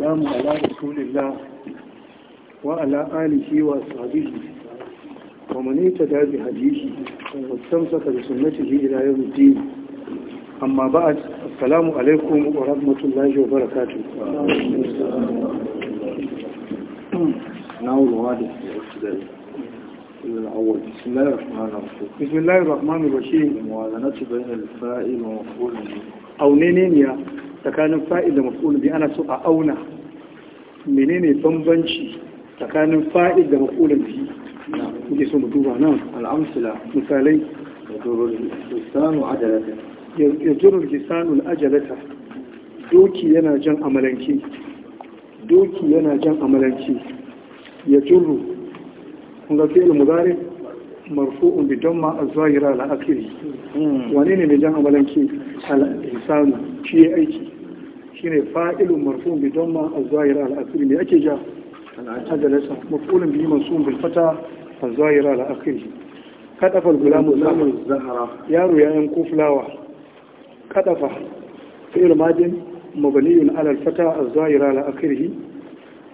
والسلام على رسول الله وعلى آله وصحبه ومن اتدى بهديه واستمسك بسنته إلى يوم الدين أما بعد السلام عليكم ورحمة الله وبركاته نعود وعد الأول بسم الله الرحمن الرحيم بسم الله الرحمن الرحيم وعلى بين الفائل ومفهول أو نينين يا tsakanin fa'il da maf'ul bi ana so a auna menene bambanci tsakanin fa'il da maf'ul bi muke so mu duba nan al'amsila misalai ya zurur lisanul ajalata doki yana jan amalanki doki yana jan amalanki ya zurru kun ga fi'il mudari marfu'un bi don damma az-zahira al-akhiri hmm. wane ne mai jan amalanki al-insanu shi aiki shine fa'ilun marfu bi damma az-zahir al-akhir me ake ja al-ajalasa maf'ulun bihi mansubun bil fata az-zahir al-akhir kadafa al-gulamu zahara yaro ya yanko fulawa kadafa fi'il madin mabniyun ala al-fata az-zahir al-akhir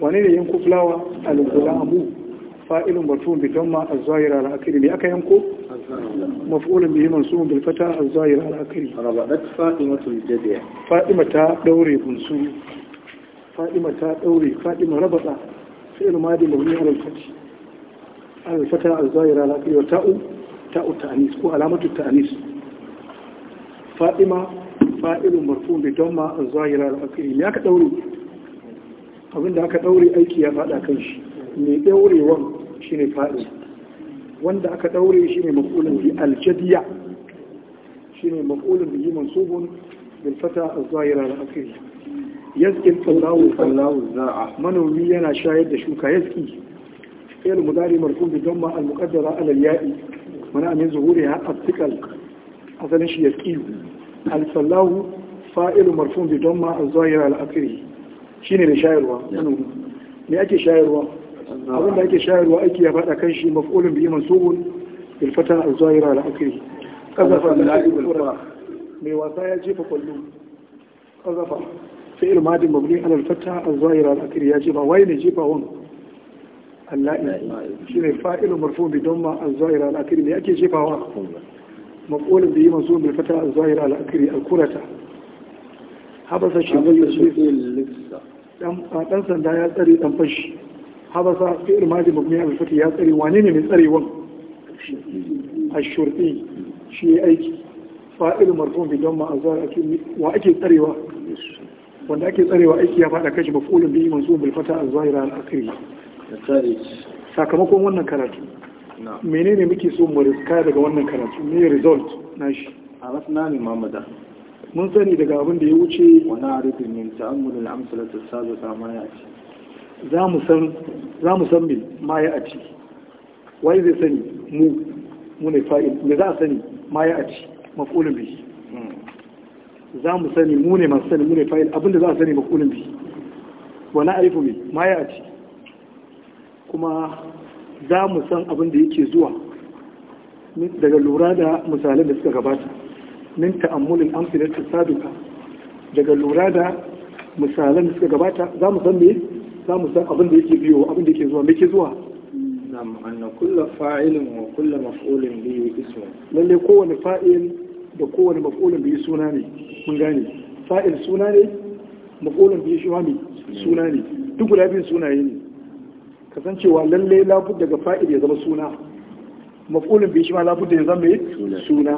wane ne yanko fulawa al-gulamu fa’ilin batun bitan ma a al’akari ne aka yanko? mafi’ulun bihi mansu bil fata al’akari fa’ima ta ɗaure bunsu fa’ima ta ɗaure fa’ima rabata fi ilmadi mahuni al’alfati al’alfata a zahir al’akari wa ta’u ta’u ta’anis ko alamatu ta’anis fa’ima fa’ilun mafi’ulun bitan ma a al’akari ne aka ɗaure abinda aka ɗaure aiki ya faɗa kan shi mai ɗaurewan Shi ne fa'il wanda aka daure shine maf'ulun bi aljadiya shine maf'ulun bihi mansubun bil a az-zahira al-akhir yazki sallahu sallahu za'a manomi yana shayar da shuka yazki fi'l mudari marfu don ma al-muqaddara ala al-ya'i mana min zuhuriha at-tikal asalin shi yazki al-sallahu fa'il marfu don ma az-zahira al Shi ne da shayarwa manomi me ake shayarwa abin da ake shayarwa aiki ya faɗa kan shi maf'ulun bihi mansubun bil fata az-zahira ala akhiri qazafa al-la'ib mai wasa ya jefa kwallo qazafa fi'il madi mabni ala al zahira ya jefa Waye ne jefa wan al-la'ib shine fa'ilun marfu'un bi damma az-zahira ala me ake jefawa مفعول به منصوب بالفتاة الظاهرة على أكر الكرة حبس الشيء دم دان sanda ya tsare دم fashi. habasa fi'il madi mabni al fati ya tsare wane ne mai tsarewan ashurti shi aiki fa'il marfun bi damma azar ake wa ake tsarewa wanda ake tsarewa aiki ya fada kashi mafulun bi mansub bil fata az-zahira a akhir sakamakon wannan karatu menene muke so mu riska daga wannan karatu ne result nashi a masna ne mamada mun sani daga abin da ya wuce wani arifin min ta'ammulul amsalatu sadata ma ya ce za mu san mil ma ya a ci wai zai sani mu mu ne fa'il me za a sani ma ya a ci makulun bi hmm. za mu sani mu ne masu sani mu ne fa'il abinda za a sani makulun bi wa na aifu me ma ya a ci kuma za mu san abin da yake zuwa daga lura da misalin da suka gabata min ta'ammulin amsalin sabiqa daga lura da misalin da suka gabata za mu san me za mu san abin da yake biyo abin da yake zuwa me ke zuwa nam anna kullu fa'ilin wa kullu maf'ulin bihi ismun lalle kowane fa'il da kowane maf'ulin bihi suna ne mun gane fa'il suna ne maf'ulin bihi shi ne suna ne duk guda biyun sunaye ne kasancewa lalle labud daga fa'il ya zama suna maf'ulin bihi shi ma labud da ya zama suna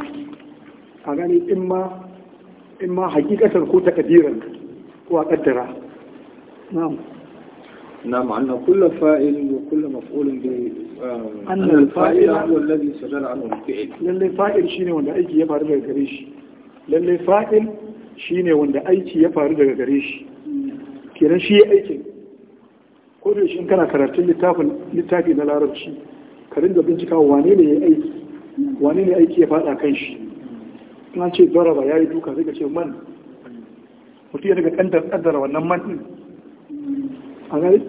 a gani in ma in ma hakikatar ko takadiran ko a kaddara na'am نعم أن كل فائل وكل مفعول به أن الفائل هو الذي سجل عنه الفعل للي فائل شيني وند أيكي يفعل ذلك غريش للي فائل شيني وند أيكي يفعل kenan shi ya aikin ko da shi kana karatun littafin littafi na larabci ka ringa bincika wane ne ya aiki wane ne aiki ya fada kan shi in ce zaraba ya yi duka sai ce man mutum ya daga kaddara wannan man din a gari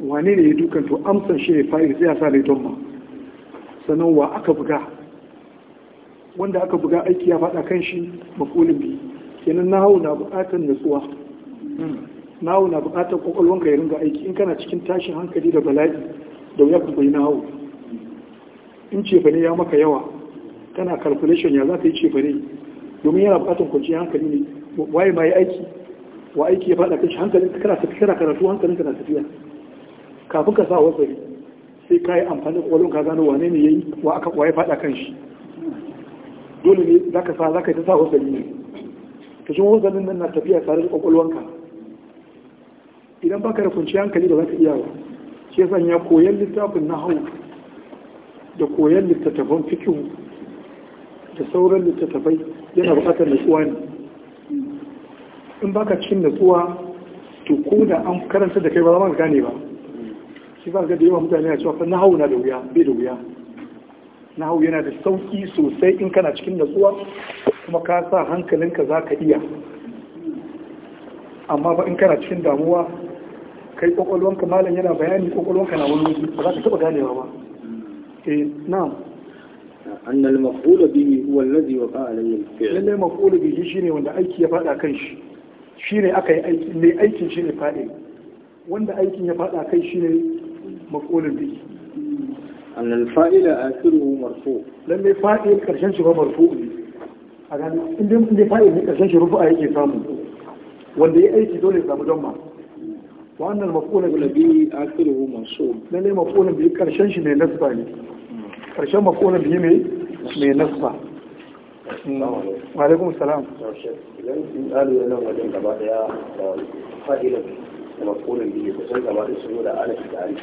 wane ne ya dukan to amsan shi ne fa’ir sai sa ne don ma sannan wa aka buga wanda aka buga aiki ya faɗa kan shi makulin bi kenan hau na buƙatar nutsuwa nahu na buƙatar ƙwaƙwalwar ka ya ringa aiki in kana cikin tashin hankali da bala'i da wuya ku bai hau in cefane ya maka yawa kana calculation ya za ka yi cefane domin yana buƙatar kwanciyar hankali ne waye ma ya aiki wa aiki ya faɗa kan shi hankalin kana tafiya karatu hankalin kana tafiya kafin ka sa wasari sai ka yi amfani da ƙwallon ka gano wane ne ya yi wa aka kwaye faɗa kan shi dole ne za ka sa za ka yi ta sa wasari ne ta shi wasarin nan na tafiya tare da idan baka da kunci hankali da za ka iya wa shi yasa ya koyan littafin na hau da koyan littattafan fikin da sauran littattafai yana buƙatar nutsuwa ne in ba ka cikin nutsuwa to ko da an karanta da kai ba za ma gane ba shi ba ga da yawa mutane a cewa fa nahawu na da wuya bai da wuya nahawu yana da sauki sosai in kana cikin natsuwa kuma ka sa hankalinka za ka iya amma ba in kana cikin damuwa kai kwakwalwanka malam yana bayani kwakwalwanka na wani waje ba za ka taba ganewa ba eh na'am أن المفعول به هو الذي وقع عليه الفعل لأن المفعول به شيني وأن أيكي يفعل أكيش شيني أكي أيكي أيكي شيني فاعل وأن أيكي يفعل أكيش شيني مقول به أن الفائل آخره مرفوع لما فائل كرشان شبه مرفوع ne إن فائل كرشان شبه yake samu wanda ya aiki dole samu don wa wannan makonan da bi akiru masu lalle makonan bi karshen shi mai nasba ne karshen makonan bi mai mai nasba wa alaikum salam idan sun tsari yana wajen gaba daya fa'ilan makonan bi kusan gaba da su da alif da alif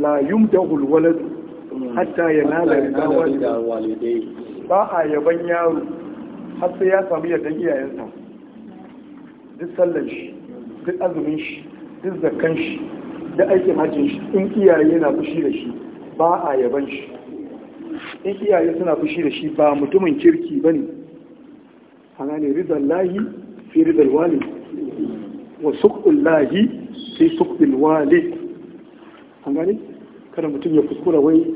la yumdahul waladu hatta ya lalata walidai ba a yaban yaro har sai ya samu yardan iyayensa duk sallan shi duk azumin shi duk zakkan shi duk aikin hajjin shi in iyaye na fushi da shi ba a yaban shi in iyaye suna fushi da shi ba mutumin kirki ba ne hana ne rizal lahi fi rizal wali wa suƙin lahi fi suƙin wali an kada mutum ya kuskura wai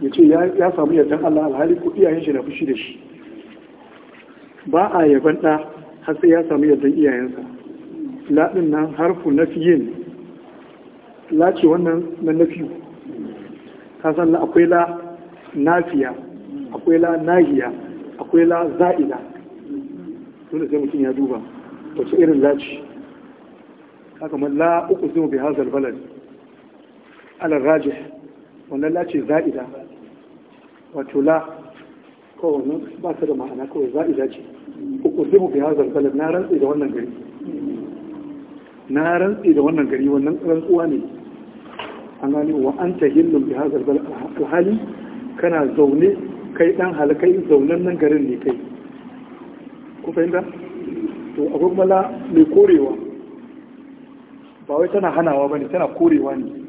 ya ce ya samu yardan Allah alhali ko iyayen shi na fushi da shi ba a yaban ɗa har sai ya samu yardan iyayensa laɗin nan harfu nafiyin la ce wannan na nafiyu ka san la akwai la nafiya akwai la nahiya akwai la za'ila dole sai mutum ya duba wace irin laci haka man la uku zuwa bi hazal balad alal rajih wannan la ce za'ida wato la wannan ba su da ma'ana kawai za'ida ce uqsimu bi hadha al na rantsi da wannan gari na rantsi da wannan gari wannan rantsuwa ne an gani wa anta hillun bi hadha al-balad alhali kana zaune kai dan halakai zaunan nan garin ne kai ku fahimta to abubuwa mai korewa ba wai tana hanawa ne, tana korewa ne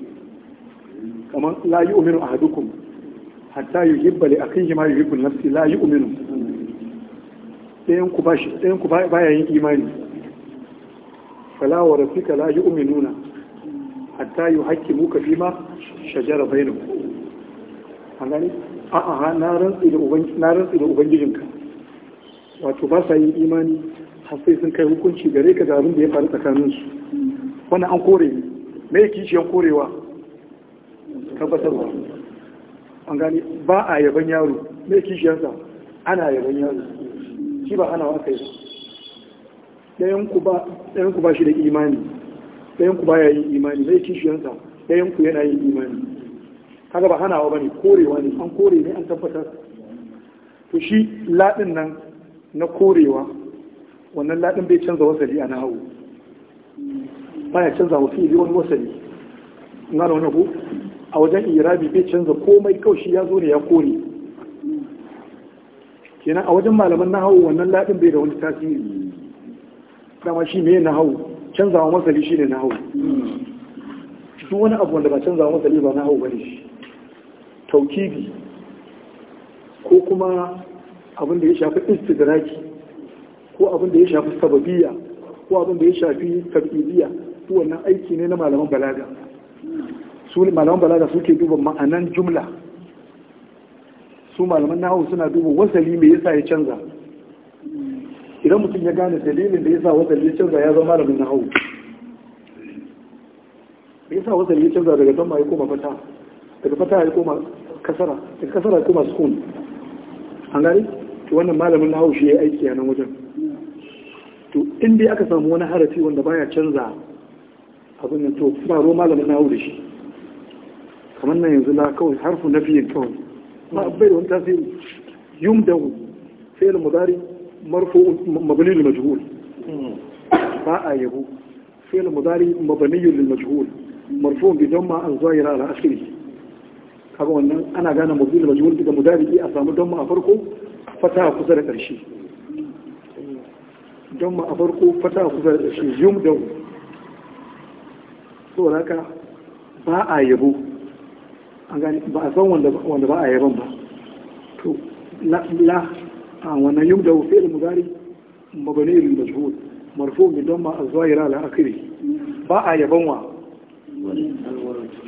kamar la a hadukun hatta yuhibba li akhihi ma yuhibbu nafsi la umiru ɗayan ku bashi dayan ku baya yin imani fala wa rabbika yi yu'minuna hatta fi ma shajara bainahum a gani a a na rantsi da na da ubangijinka wato ba sa yin imani har sai sun kai hukunci gare ka zarun da ya faru tsakaninsu wannan an kore ne me yake kishiyan korewa tabbatarwa an gani ba a yaban yaro mai kishiyarsa ana yaban yaro shi ba ana waka yi ɗayanku ba shi da imani ɗayan ku ba ya yin imani mai kishiyarsa ɗayan ku yana yin imani kaga ba hanawa ba ne korewa ne an kore ne an tabbatar ku shi laɗin nan na korewa wannan laɗin bai canza wasali a nahawu baya canza wa fi'ili wani wasali ngana wani ku a wajen irabi bai canza komai kawai shi ya zo ne ya kone. kenan a wajen malaman na hau wannan laɗin bai da wani tasiri dama shi na nahawu canzawa masali shi ne na hau duk wani abu wanda ba canzawa masali ba na ba bane shi taukibi ko kuma abin da ya shafi istidraki ko abin da ya shafi sababiya ko abin da ya shafi tabidiya to wannan aiki ne na malaman balaga su malaman balaga suke duba ma'anan jumla su malaman nahu suna duba wasali me yasa ya canza idan mutum ya gane dalilin da yasa wasali ya canza ya zama malamin nahu me yasa wasali ya canza daga damma ya koma fata daga fata ya koma kasara daga kasara ya koma sukun an gari to wannan malamin nahu shi ya aiki a nan wajen to in dai aka samu wani harafi wanda baya canza abin nan to faro malamin nahu da shi kamar nan yanzu na kawai harfu na fiye kawai ma bai da wani tasiri yumdau fi'il mudari marfu mabni lil majhul ba a yabo fi'il mudari mabni lil majhul marfo bi don ma an zahira ala akhiri kaga wannan ana gane mabni lil majhul daga mudari a samu don ma a farko fata a kusa da karshe ma a farko fata a kusa da karshe yumdau saboda haka ba a yabo a gani ba a san wanda ba a ban ba to la a wannan yau da wufe da mugari mabani irin da zuwa marfo mai don ba a zuwa yara akiri ba a ban wa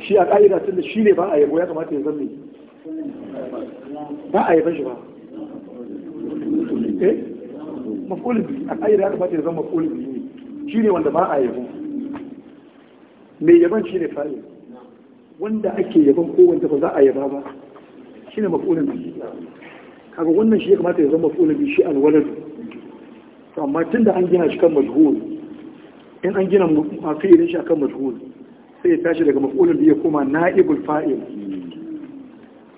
shi a ƙa'ida tun da shi ne ba a yabo ya kamata ya zanne ba a yaban shi ba eh mafulbi a ƙa'ida ya kamata ya zama mafulbi ne shi ne wanda ba a yabo mai yaban shi ne fa'ida wanda ake yaban ko ba za a yaba ba shine maf'ulun bihi kaga wannan shi ya kamata ya zama maf'ulun bihi shi alwalad to amma tunda an gina shi kan majhul in an gina fi'ilin shi kan majhul sai ya tashi daga maf'ulun bihi ya koma na'ibul fa'il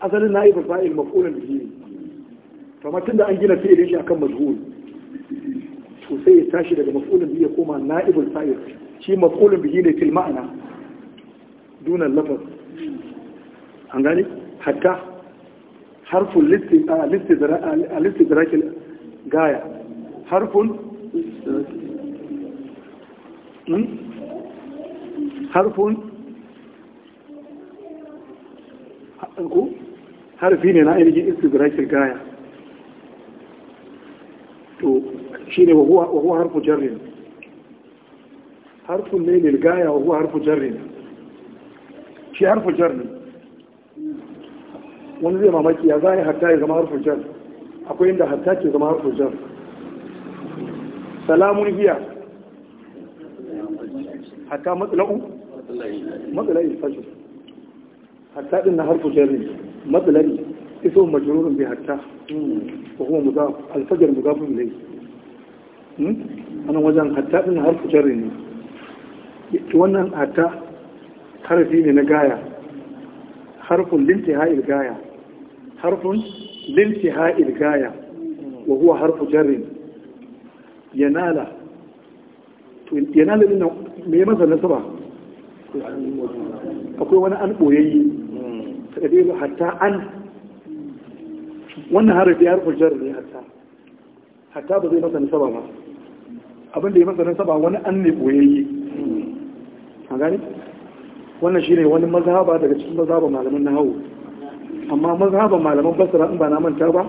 asalin na'ibul fa'il maf'ulun bihi to amma tunda an gina fi'ilin shi akan majhul to sai ya tashi daga maf'ulun bihi ya koma na'ibul fa'il shi maf'ulun bihi ne fil ma'ana dunan lafaz an gani hatta harfin listidrakin gaya harfin harfin harfi ne na ainihin istidrakin gaya to shi ne wahuwa harfin jarri harfin ne lilgaya wahuwa harfin jarri shi harfin jar ne wani zai mamaki ya za a yi hatta ya zama harfin jar akwai inda hatta ke zama harfin jar salamun hiya hatta matsala'u matsala'i fashe hatta din na harfin jar ne matsala'i iso majalurin bai hatta ko kuma mudaf alfajar mudafin lai hmm? anan wajen hatta din na harfin jar ne wannan hatta Harfi ne na gaya harfun lintiha'il gaya harfun lintiha'il gaya wa huwa harfu jarrin yanala to yanala din nan me masa nasaba akwai wani an boyayye tsadai hatta an wannan harfi harfu jarin ne hatta hatta ba zai masa nasaba ba abinda ya masa nasaba wani an ne boyayye a gani wannan shine wani mazhaba daga cikin mazhaban malaman nahawu amma mazhaban malaman basra in ba na manta ba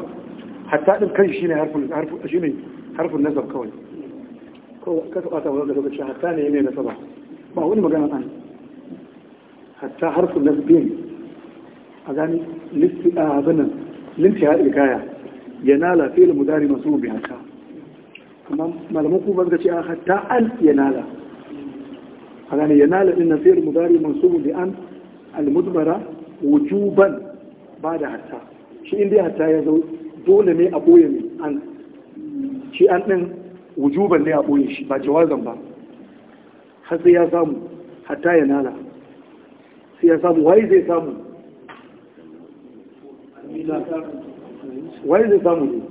hatta din kai shine harfin harfin shine harfin nasab kawai ko ka taba ta wannan lokaci hatta ne ne nasaba ba wani magana an hatta harfin nasbin a gani listi a abin linti ya ilkaya yanala fi'il mudari masu bi haka amma malamu ku ba ga ce hatta al yanala a gane yanala din nan fi'il mudari mansubu bi an al wujuban ba da shi in dai ya zo dole ne a boye mai an shi an din wujuban ne a boye shi ba jawazan ba har ya samu hatta ya nala sai ya samu waye zai samu waye zai samu ne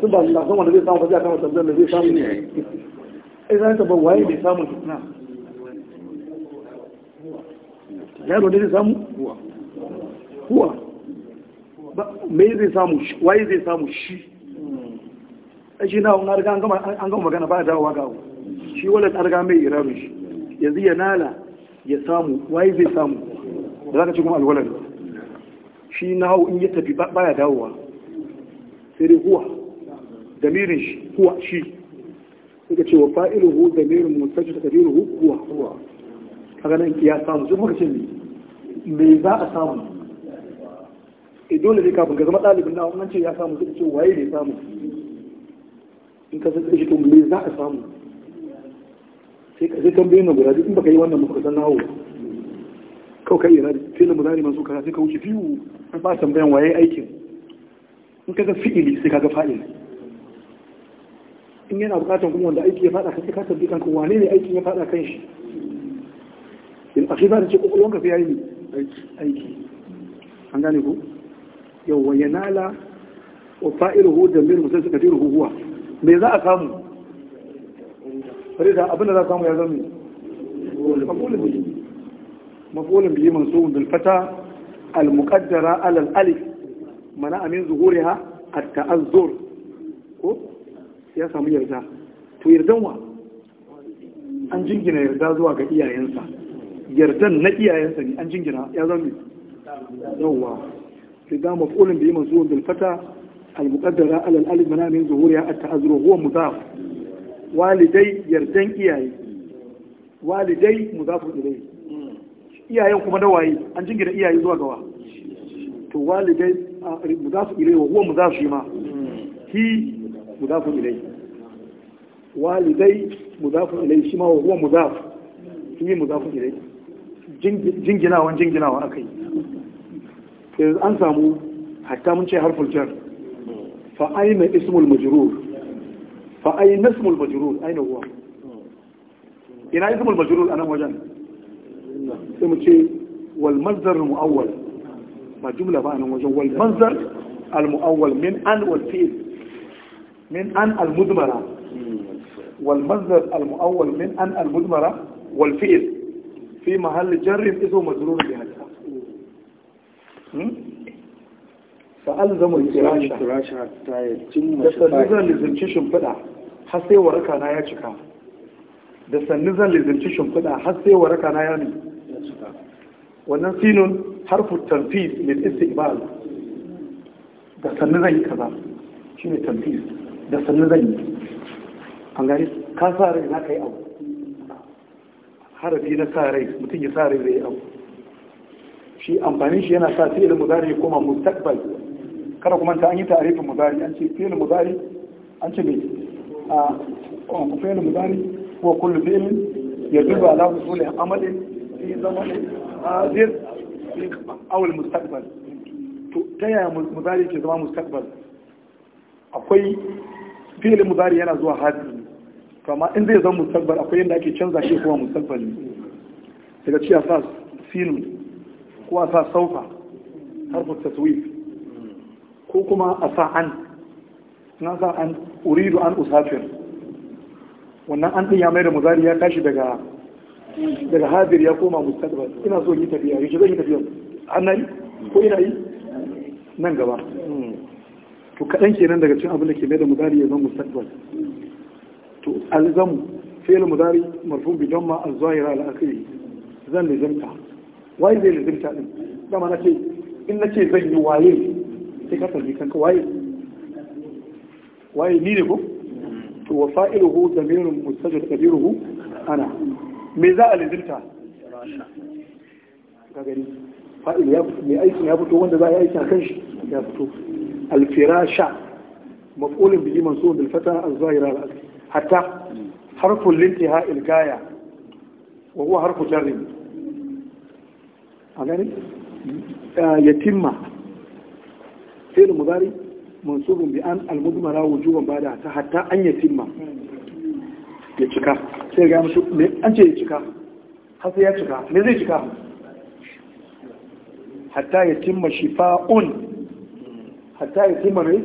sun ba su san wanda zai samu da zai samu ne ai zai taɓa waye bai samu tukuna yaro ne zai samu huwa me zai samu waye zai samu shi a shi na an riga an gama magana ba dawowa gawo shi wala an riga mai irarun shi yanzu ya nala ya samu waye zai samu da zaka ka ci kuma alwalar shi na hau in ya tafi baya dawowa sai dai kuwa damirin shi kuwa shi suka ce wa fa'iluhu damirin mustaji da kadiruhu kuwa kaga nan ya samu sun muka ce ne me za a samu e dole ne kafin ka zama ɗalibin na wannan ce ya samu zai ce waye ne samu in ka zai shi to me za a samu sai ka zai tambaye na guda in baka yi wannan ba ka san nawo kawai kai yana sai na muzari masu kara sai ka wuce An ba tambayan waye aikin in ka ga fi'ili sai ka ga fa'il in yana bukatar kuma wanda aiki ya fada kan ka tambayi kan wane ne aikin ya fada kan shi in za ta ce kokolwanka fi yayi ne aiki an gane ku yau wa yanala wa hu da mir mutum suka tiru huwa me za a samu farida abin da za a samu ya zama mafulun biyu mafulun biyu mansubun bil fata al muqaddara ala al alif mana amin zuhuriha at ta'azzur ko ya samu yarda to yardan wa an jingina yarda zuwa ga iyayensa yardan na iyayensa ne an jingina ya zama yawwa sai da mafulin da yi masu bil fata al muqaddara ala al alif mana min zuhuriya at ta'azzuru huwa mudaf walidai yardan iyaye walidai mudafu ilayhi iyayen kuma da waye an jingina iyaye zuwa gawa to walidai mudafu ilayhi wa huwa mudaf shi ma hi mudafu ilayhi walidai mudafu ilayhi shi ma wa huwa mudaf shi mudafun ilayhi jinginawan jinginawa aka yi an samu hatta mun ce harful jar fa aina ismul majrur fa aina ismul majrur aina huwa ina ismul majrur anan wajen sai mu ce wal mazdar muawwal ba jumla ba anan wajen wal mazdar al muawwal min an wal fi'l min an al mudmara wal mazdar al muawwal min an al mudmara wal fi'l fi mahalli jarrin iso majrur bi hadda fa'al zama kirasha da sannu zan lizinci shimfiɗa har waraka na ya cika da sannu zan lizinci shimfiɗa har sai waraka na ya ne wannan sinun harfu tamfis tanfis lil istiqbal da sannu zan yi kaza shine tanfis da sannu zan yi an gani ka sa rai za ka abu harafi na sa rai mutum ya sa rai zai abu shi amfani shi yana sa fi'il muzari ya koma mustaqbal kada kuma ta an yi ta'arifin muzari an ce fi'il muzari an ce me a oh, fi'il muzari ko kullu fi'il yadullu ala usuli zama fi a zai awal mustaqbal to ta yaya muzari ke zama mustaqbal akwai fi'il muzari yana zuwa hadir kama in zai zan musabbal akwai yadda ake canza shi kuma musabbal ne daga ci a sa sinu ko a sa saufa harfin taswif ko kuma a sa an na sa an uridu an usafir wannan an ɗin ya mai da muzari ya tashi daga daga hadir ya koma mustaqbal ina so yi tafiya yaushe zan yi tafiya an yi ko ina yi nan gaba hmm. to kaɗan kenan daga cin abin da ke mai da muzari ya zama mustaqbal to alzamu fi'il mudari marfu bi damma az-zahira ala akhiri zan lazimta wai zai lazimta din dama nace in ce zan yi waye sai ka tafi kanka waye waye ni ne ko to wa fa'iluhu damirun mustajir qadiruhu ana me za a lazimta ga gari fa'il ya mai aikin ya fito wanda za a yi aiki a kan shi ya fito alfirasha maf'ulun bihi mansubun bil fata a zahira al-asli hatta harfin lintiha ilgaya wa huwa harfin jarrin a gani yatimma fi'il mudari mansubun bi an almudmara wujuban bada ta hatta an yatimma ya cika sai ga musu an ce ya cika har ya cika me zai cika hatta yatimma shifa'un hatta yatimma me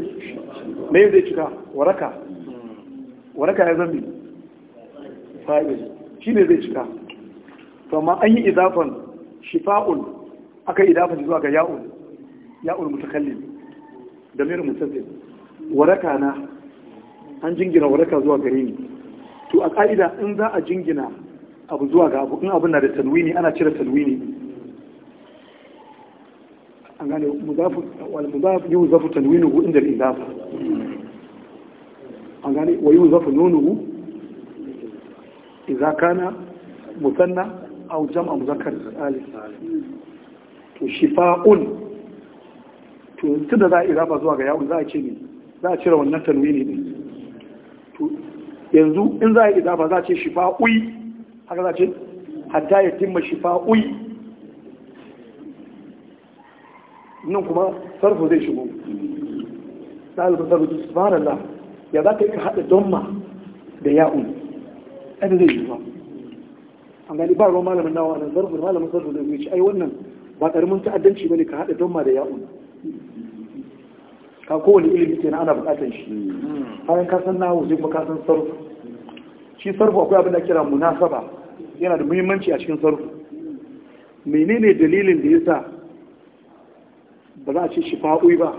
me zai cika waraka waraka ya zambi fa'il shi ne zai cika to ma an yi idafan shifa'un aka yi idafan zuwa ga ya'un ya'un mutakalli da mai mutakalli waraka na an jingina waraka zuwa gare ni to a ƙa'ida in za a jingina abu zuwa ga abu in abin na da talwini ana cire talwini an gane mudaf yi mudaf talwini talwinuhu inda da idafa an gane wa yi zafi nunuhu idza kana musanna aw jam'a muzakkar salis to shifa'un to tunda za a iraba zuwa ga yawon za a ce ne za a cire wannan tanwini ne to yanzu in za a iraba za a ce shifa'ui haka za a ce hatta ya timma shifa'ui nan kuma sarfu zai shigo ɗalibin sarfu subhanallah ya za ka yi ka haɗa ma da ya'un ɗan zai yi ba an gani ba ruwan malamin nawa nan zarfu malamin zarfu da zai ai wannan ba ƙaramin ta'addanci ba ne ka haɗa ma da ya'un ka kowane ilimi na ana buƙatar shi bayan ka san nawo zai kuma ka san sarfu shi sarfu akwai abin da kira munasaba yana da muhimmanci a cikin sarfu menene dalilin da yasa ba za a ce fa'u ba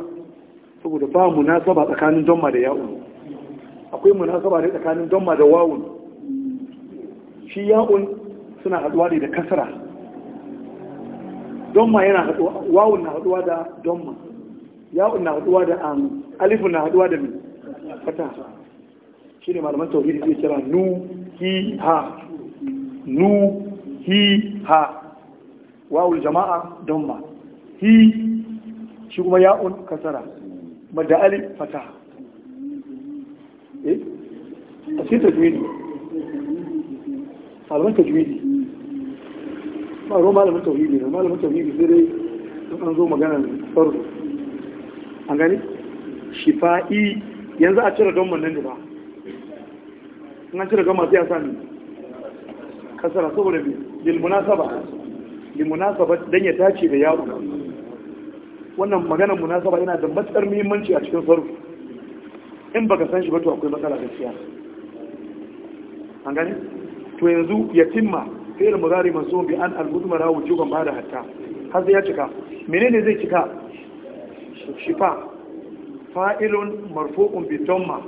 saboda ba munasaba tsakanin ma da ya'un akwai munasaba ne tsakanin domma da wawun shi ya'un suna haduwa ne da kasara domma yana haduwa wawun na haduwa da domma ya'un na haduwa da an alifun na haduwa da min fata shi ne malaman tauhidi zai kira nu hi ha nu hi ha Wawun jama'a domma hi shi kuma ya'un kasara madda alif fataha eh a cikin tajwidi malaman tajwidi ba ruwan malamin tauhidi ne malamin tauhidi sai dai an zo maganar farko an gani shifa'i yanzu a cire gamman nan da ba in an cire gamma sai a sami kasara saboda bi lilmunasaba saba dan ya tace da yawo wannan maganar munasaba yana da matsar muhimmanci a cikin sarfu in baka san shi ba to akwai matsala gaskiya an gani to yanzu yatimma fi'il mudari masu bi an al-mudmara wujuban ba da hatta har sai ya cika menene zai cika shifa fa'ilun marfu'un bi damma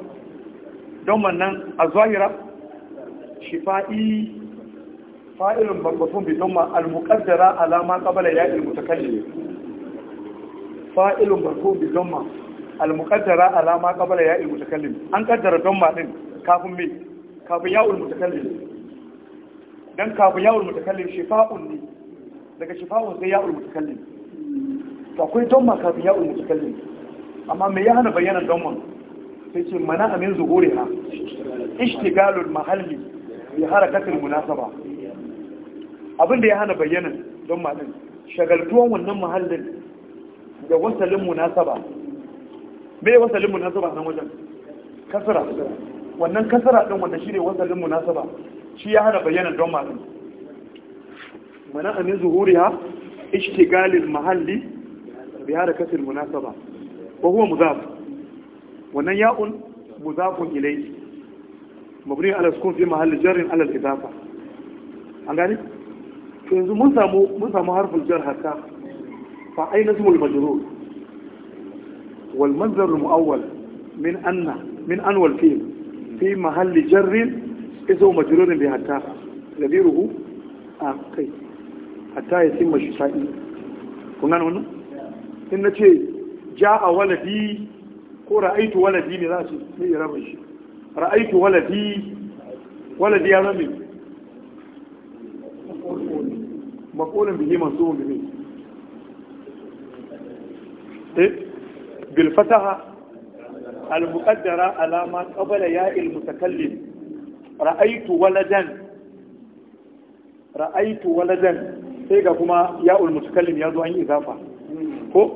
damman nan a zahira shifa'i fa'ilun marfu'un bi damma al-muqaddara alama ma qabala ya'il mutakallim fa'ilun marfu'un bi damma al-muqaddara ala ma qabala ya'il mutakallim an don ma din kafin me kafin ya'ul mutakallim dan kafin ya'ul mutakallim shifa'un ne daga shifa'un sai ya'ul mutakallim to akwai don ma kafin ya'ul mutakallim amma me ya hana bayyana don damman sai ce mana amin zuhuriha ishtigalul mahalli bi harakatil munasaba abin da ya hana bayyana ma din shagaltuwan wannan mahallin da wasalin munasaba me wasalin munasaba nan wajen kasara wannan kasara din wanda shi shine wasalin munasaba shi ya hada bayyana don masu mana amin zuhuriha ishtigalil mahalli bi harakatil munasaba wa huwa mudaf wannan ya'un mudafun ilayhi mabni ala sukun fi mahalli jarrin ala al-idafa an gani yanzu mun samu mun samu harfin jar hatta fa aina ismul majrur والمنظر المؤول من أن من أن والفيل في محل جر إذا مجرور بحتى نذيره أخي حتى يتم الشفائي كنا هنا إن شيء جاء ولدي ko ra'aitu waladi ne za su sai raba shi ra'aitu waladi waladi ya zame makolin bihe masu wani ne eh بالفتحة المقدرة على ما قبل ياء المتكلم رأيت ولدا رأيت ولدا سيقى كما ياء المتكلم يازو أن إضافة هو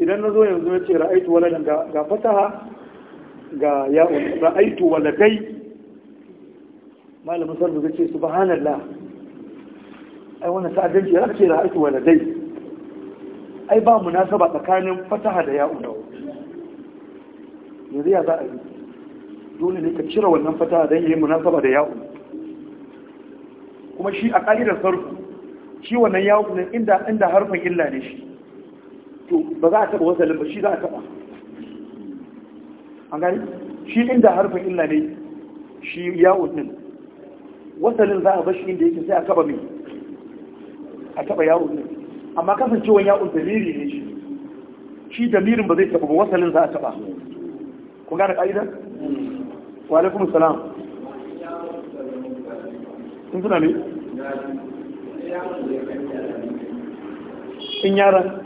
إذا نظر ينزو رأيت ولدا قا فتحة قا ياء رأيت ولدي ما لم يصرف ذلك سبحان الله أي وانا سأدنك رأيت ولدي ai ba mu nasaba tsakanin fataha da ya'u da yanzu ya za a yi dole ne ka cire wannan fataha don yi munasaba da ya'u kuma shi a ƙa'idar sarfu shi wannan ya'u ne inda inda harfin illa ne shi to ba za a taba wasalin ba shi za a taba an gani shi inda harfin illa ne shi ya'u din wasalin za a bashi inda yake sai a taba mai a taba ya'u din amma kasancewa ya dalili ne shi shi damirin ba zai taɓa ba wasalin za a taɓa ku gane ƙa'ida? wa alaikum salam sun suna ne? in yara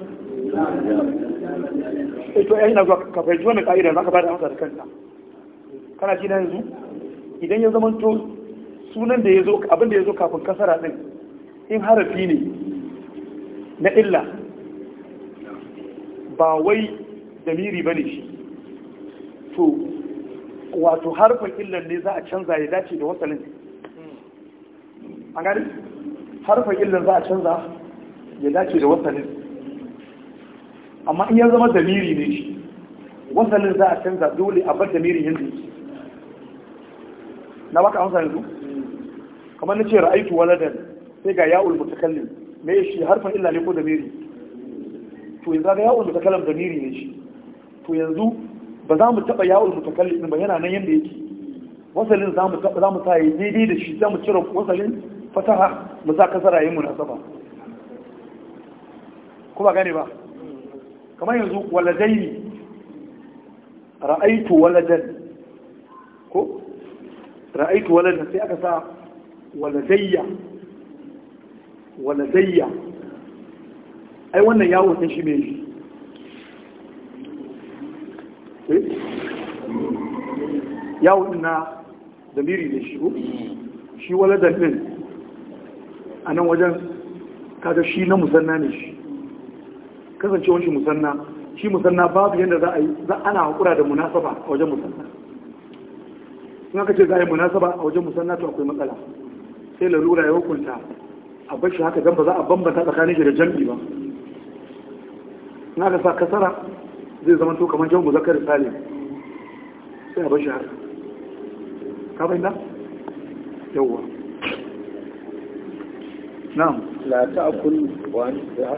ya yi eh, na zuwa kafai juwa na ƙa'ida za ka ba da amsa da kanta kana ji na yanzu idan ya zama to sunan da ya zo abin da ya zo kafin kasara ɗin in harafi ne na illa ba wai damiri bane shi to wato harfin illan ne za a canza ya dace da wasalin A gani harfin illan za a canza ya dace da wasalin amma in ya zama damiri ne shi wasalin za a canza dole a bar damirin yanzu na baka amsa yanzu kamar na ce ra'aitu waladan sai ga ya'ul mutakallim me shi harfin illa ne ko da to yanzu ga yawon mutakalam da miri ne shi to yanzu ba za mu taɓa yawon mutakallim ba yana nan yadda yake wasalin za mu taɓa za mu sa yi daidai da shi za mu cire wasalin fataha mu sa kasara yin munasaba ko ba gane ba kamar yanzu waladaini ra'aitu waladan ko ra'aitu waladan sai aka sa waladayya waladayya ai wannan yawo ɗin shi mai yawon eh? yawo na damiri ne shi shi waladan din a nan wajen kaga shi na musanna ne shi kasancewar shi musanna shi musanna babu yadda za a yi za ana haƙura da munasaba a wajen musanna in aka ce za a yi munasaba a wajen musanna to akwai matsala sai lalura ya hukunta a bashi shi haka don ba za a bambanta tsakanin shi da jam'i ba na ga sa kasara zai zama to kamar jan muzakkar salim sai a bashi shi haka ka bayyana yawwa na'am la da wa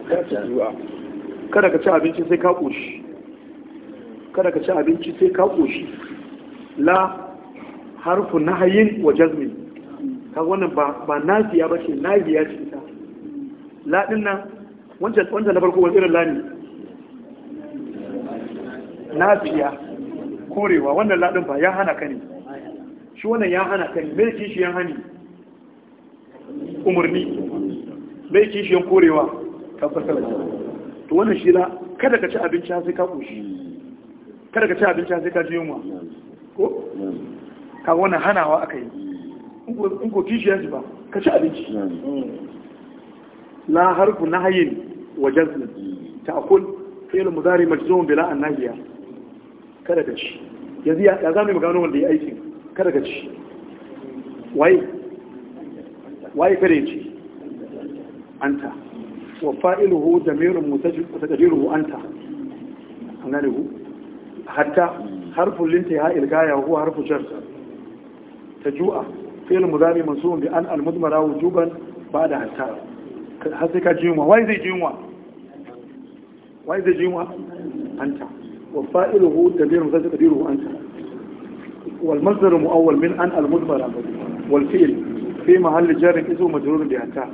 ta zuwa kada ka ci abinci sai ka ƙoshi kada ka ci abinci sai ka ƙoshi. la harfu hayin wa jazmin ka wannan ba nafiya ba ce nafiya ce ita laɗin nan wancan wancan na farko wani irin lani nafiya korewa wannan laɗin ba ya hana ka ne shi wannan ya hana ka ne mai yan hani umarni mai yan korewa ka fasala to wannan shi la kada ka ci abinci sai ka koshi kada ka ci abinci sai ka ji yunwa ko ka wannan hanawa aka yi in ko kishiyar shi ba ka ci abinci la harfu nahyin wa akwai ta'kul fi'l mudari majzum bila an nahiya kada ka ci yanzu ya zamu mu gano wanda ya aikin kada ka ci waye waye kada ya ci anta wa fa'iluhu damirun mutajiruhu anta an gane ku hatta harfun linta ya ilgaya huwa harfu jar ta ju'a fi'il mudari mansubun bi an al-mudmara wujuban ba'da hatta har sai ka ji yunwa wai zai ji yunwa wai zai ji yunwa anta wa fa'iluhu tadiru zai tadiru anta wal masdar mu'awwal min an al-mudmara wal fi'il fi mahall jar ismu majrur bi hatta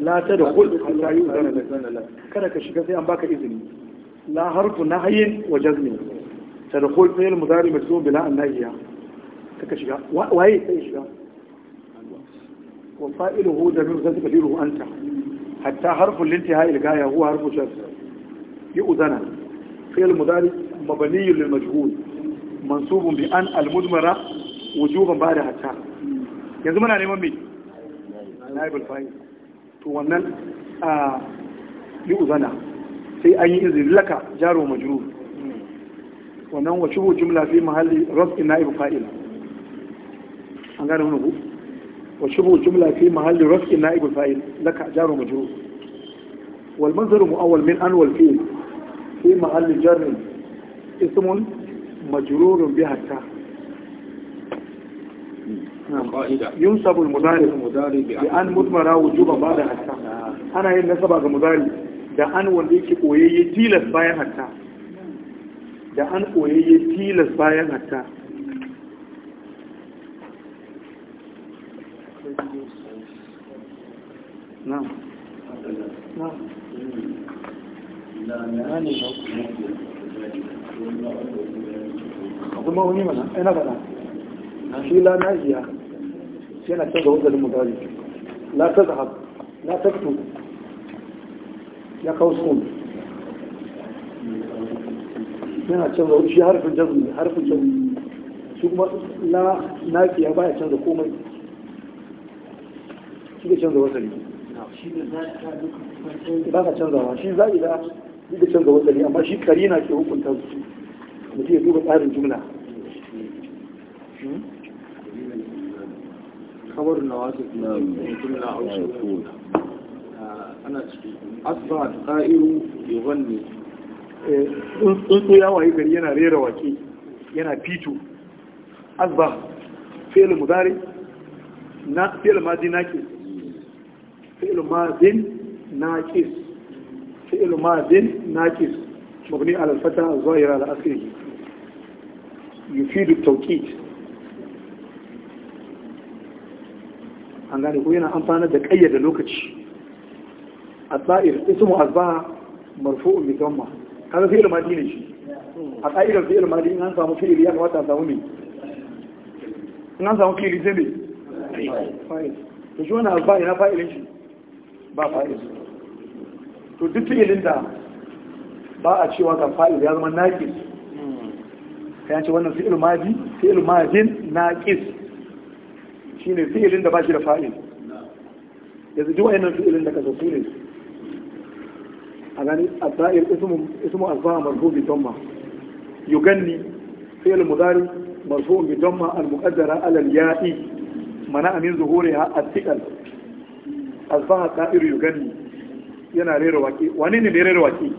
la tadkhul hatta yu'zana lak kada ka shiga sai an baka izini la harfu nahyin wa jazmin tadkhul fi'il mudari majzum bila an nahiya kaka shiga waye sai shiga wa fa'iluhu da min zai kafiru anta hatta harful lintihai ilgaya huwa harfu shar yu'zana fi'l mudari mabniyun lil majhul mansubun bi an al mudmara wujuban ba'da hatta yanzu muna neman me naibul fa'il to wannan a uzana sai an yi izini laka jaro majrur wannan wa shubu jumla fi mahalli rafi naib fa'il an gane wani ku wa shubu jumla fi mahallin rafin na'ibul fa'il laka jaru majrur wal manzaru mu'awwal min an wal fi'il في محل جر اسم مجرور بها التاء ينسب المضارع بأن مضمرة وجوبا بعد التاء أنا هي نسبة المضارع da an wanda yake koyayye tilas bayan hatta da an koyayye tilas bayan hatta نعم نعم kuma wani mana yana bana shi la najiya yana canza wajen mutane la ta zahab la ta fito ya kawo sun yana canza shi harfin jazmi harfin jazmi shi kuma la najiya baya canza komai shi canza wasali ba ka canzawa shi da shi ka canza wasali amma shi karina ke hukunta su mutum ya duba tsarin jumla na خبر النواسط جملة أو شكول أنا أصبحت طائر يغني tsuntsu ya waye gari yana rera wake yana fito asba fi'il mudari na fi'il madi nake فعل ماض ناقص فعل ماض ناقص مبني على الفتحة الظاهرة على آخره يفيد التوكيد an gane ko yana amfana da kayyada lokaci a tsa'ir ismu azbaha marfu'un bi dhamma kaga fi'il madi ne shi a tsa'ir fi'il madi in an samu ya kamata a samu ne zai ne fa'il to shi wannan azbaha ina fa'ilin shi ba fa'il to duk fi'ilin da ba a cewa ga fa'il ya zama naƙis, kai ce wannan fi'il madi fi'il madin naqis shine fi'ilin da ba shi da fa'il yanzu duk wayannan fi'ilin da ka zasu ne a gani adda'ir ismu ismu azba marfu bi dhamma yuganni fi'il mudari marfu bi dhamma al muqaddara alal, ya'i mana min zuhuriha a thiqal asbaha qa'iru yugani yana rera waki wane ne mai rera waki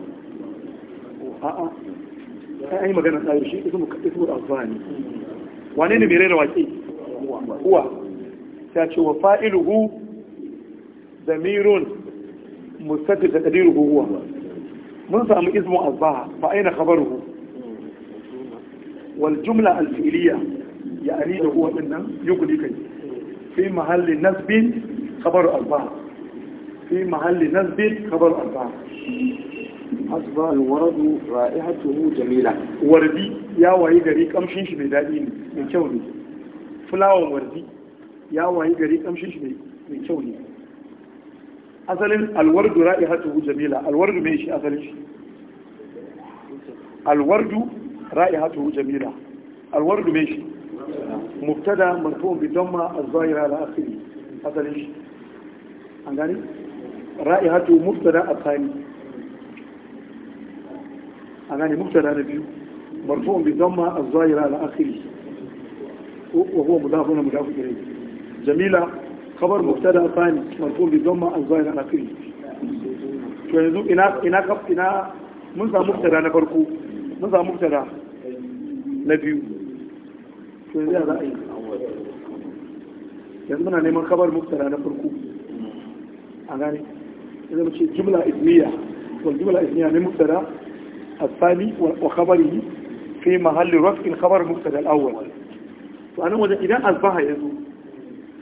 a'a sai ai magana qa'iru shi ismu ismu ne. wane ne mai rera waki Uwa, ta ce wa fa'iluhu damirun musaddid da qadiruhu huwa mun samu ismu asbaha fa aina khabaruhu wal jumla al fi'liya ya da huwa dinnan yugli kai fi mahalli nasbin khabaru asbaha في محل نسب خبر أربعة أصبح الورد رائحته جميلة وردي يا وهي غري كمشين شي ميدادين من كوني فلاو وردي يا وهي غري كمشين شي من كوني أصلا الورد رائحته جميلة الورد من شي أصلا شي الورد رائحته جميلة الورد من شي مبتدا مرفوع بضمه الظاهره على اخره أصلا شي أنغاني رائحة مبتدا الثاني أغاني مبتدا نبي مرفوع بالضمة الظاهرة على آخره وهو مضاف هنا مضاف إليه جميلة خبر مبتدا الثاني مرفوع بالضمة الظاهرة على آخره شو يزوج إنا إنا كف إنا منزع مبتدا نبركو منزع مبتدا نبي شو يزوج هذا أي يزمن أنا من خبر مبتدا نبركو أغاني zama ce jimla ismiya wal jimla ismiya min mubtada athani wa khabari fi mahalli raf' al khabar mubtada al awwal to anan wajen idan asbaha yazo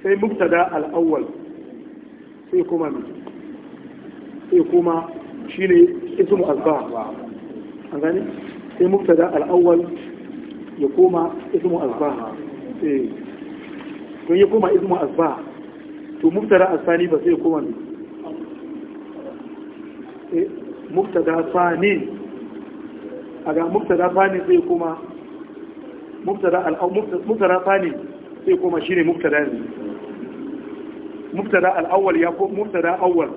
sai mubtada al awwal sai kuma sai kuma shine ismu asbaha an gani sai mubtada al ya koma ismu asbaha eh kun koma ismu asbaha to mubtada asani ba sai kuma ne mubtada fani aga mubtada fani sai kuma mubtada al mubtada fani sai kuma shine mubtada ne mubtada al awwal ya ko mubtada awwal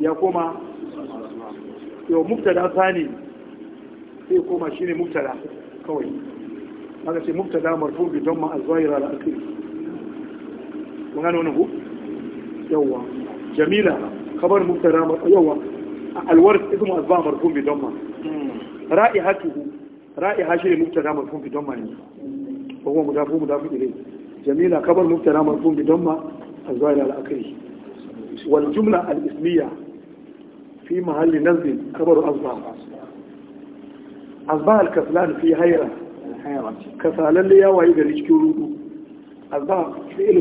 ya koma yau mubtada fani sai kuma shine mubtada kawai haka ce mubtada marfu bi damma al-zahira al-akhir wannan wannan ku yawwa jamila kamar mubtada yawwa alwar ismu asba marfun bi damma hmm. ra'ihatuhu ra'iha shi ne mubtada marfun bi damma ne ko kuma mudafu mudafu ilai jamila kabar mubtada marfun bi damma azwail al akhir wal jumla al fi mahalli nazl kabar asba asba al kaslan fi hayra kasalan ya wayi gari cikin rudu asba fi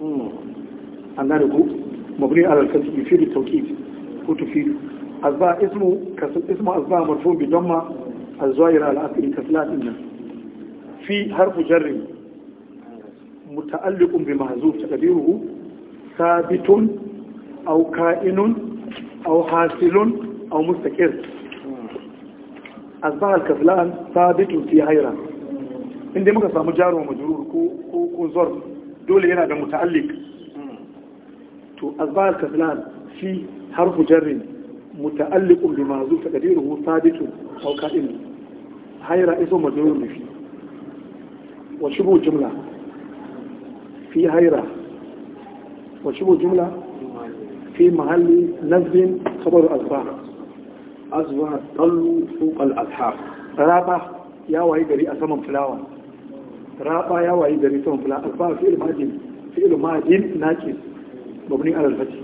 hmm. ku مبني على الفتح يفيد التوكيد وتفيد أصبع اسمه اسمه أصبع مرفوع بضمة الزائر على آخر كسلان في حرف جر متعلق بمحذوف تقديره ثابت أو كائن أو حاصل أو مستقر أصبح الكفلان ثابت في حيرة عندما كسام جار ومجرور كو كو زر دول هنا ده متعلق to asbahal kaslan fi harfu jarrin muta'alliqun bima zu taqdiruhu thabitun aw ka'in hayra isu majrurun fi wa shubu jumla fi hayra wa shubu jumla في محل نصب خبر أصبح أصبح طل فوق الأصحاب رابع يا وهي دري أسمم فلاوة رابع يا وهي دري سمم فلاوة أصبح فعل ماجن فعل ماجن ناكس مبني على الفتح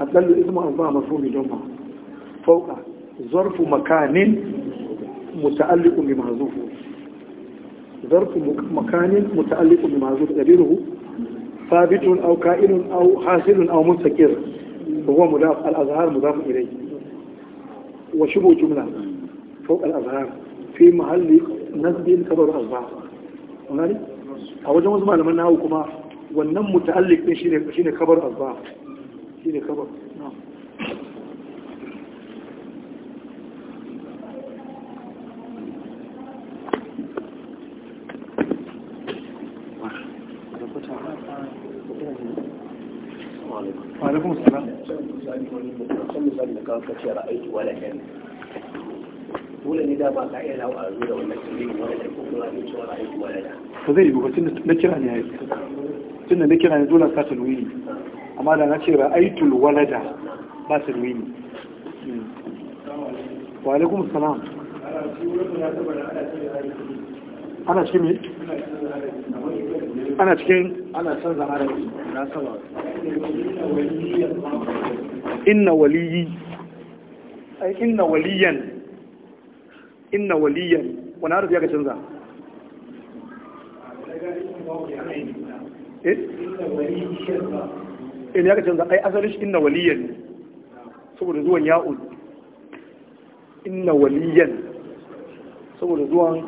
الدل اسم أربعة مفهوم جمع فوق ظرف مكان متعلق بمعزوفه ظرف مكان متعلق بمعزوف دليله ثابت أو كائن أو حاصل أو مستقر وهو مضاف الأزهار مضاف إليه وشبه جملة فوق الأزهار في محل نسب خبر الأزهار أو جمع زمان من ناوكما wannan muta'alliq din shine shine kabar azba shine kabar وعليكم السلام dole ne da ba ka iya lawa a zuwa wannan tsirin wani da kuma wani cewa ra'ayi wani da. Ko zai yi bukatun na kira ne ya yi. tun da nake na ne dole sa tanwini amma da na ce ra'aitul walada ba tanwini hmm. wa alaikum salam ana cikin me ana cikin ana son zama na sama inna waliyi ai inna waliyan inna waliyan wani harfi ya ka canza eh in eh, ya ka canza ai asalin shi inna waliyan ne saboda zuwan ya'ul inna waliyan saboda zuwan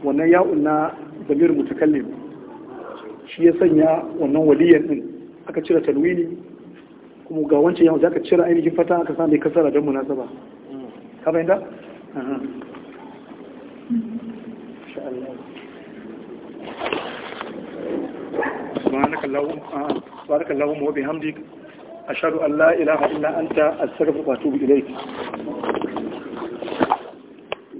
wannan ya'ul na zamir mutakallim shi ya sanya wannan waliyan din aka cire talwini kuma ga wancan yawon za ka cire ainihin fata aka samu kasara don munasaba ka bayan barakallahu ah, wa bihamdik ashhadu an la ilaha illa anta astaghfiruka wa atubu ilayk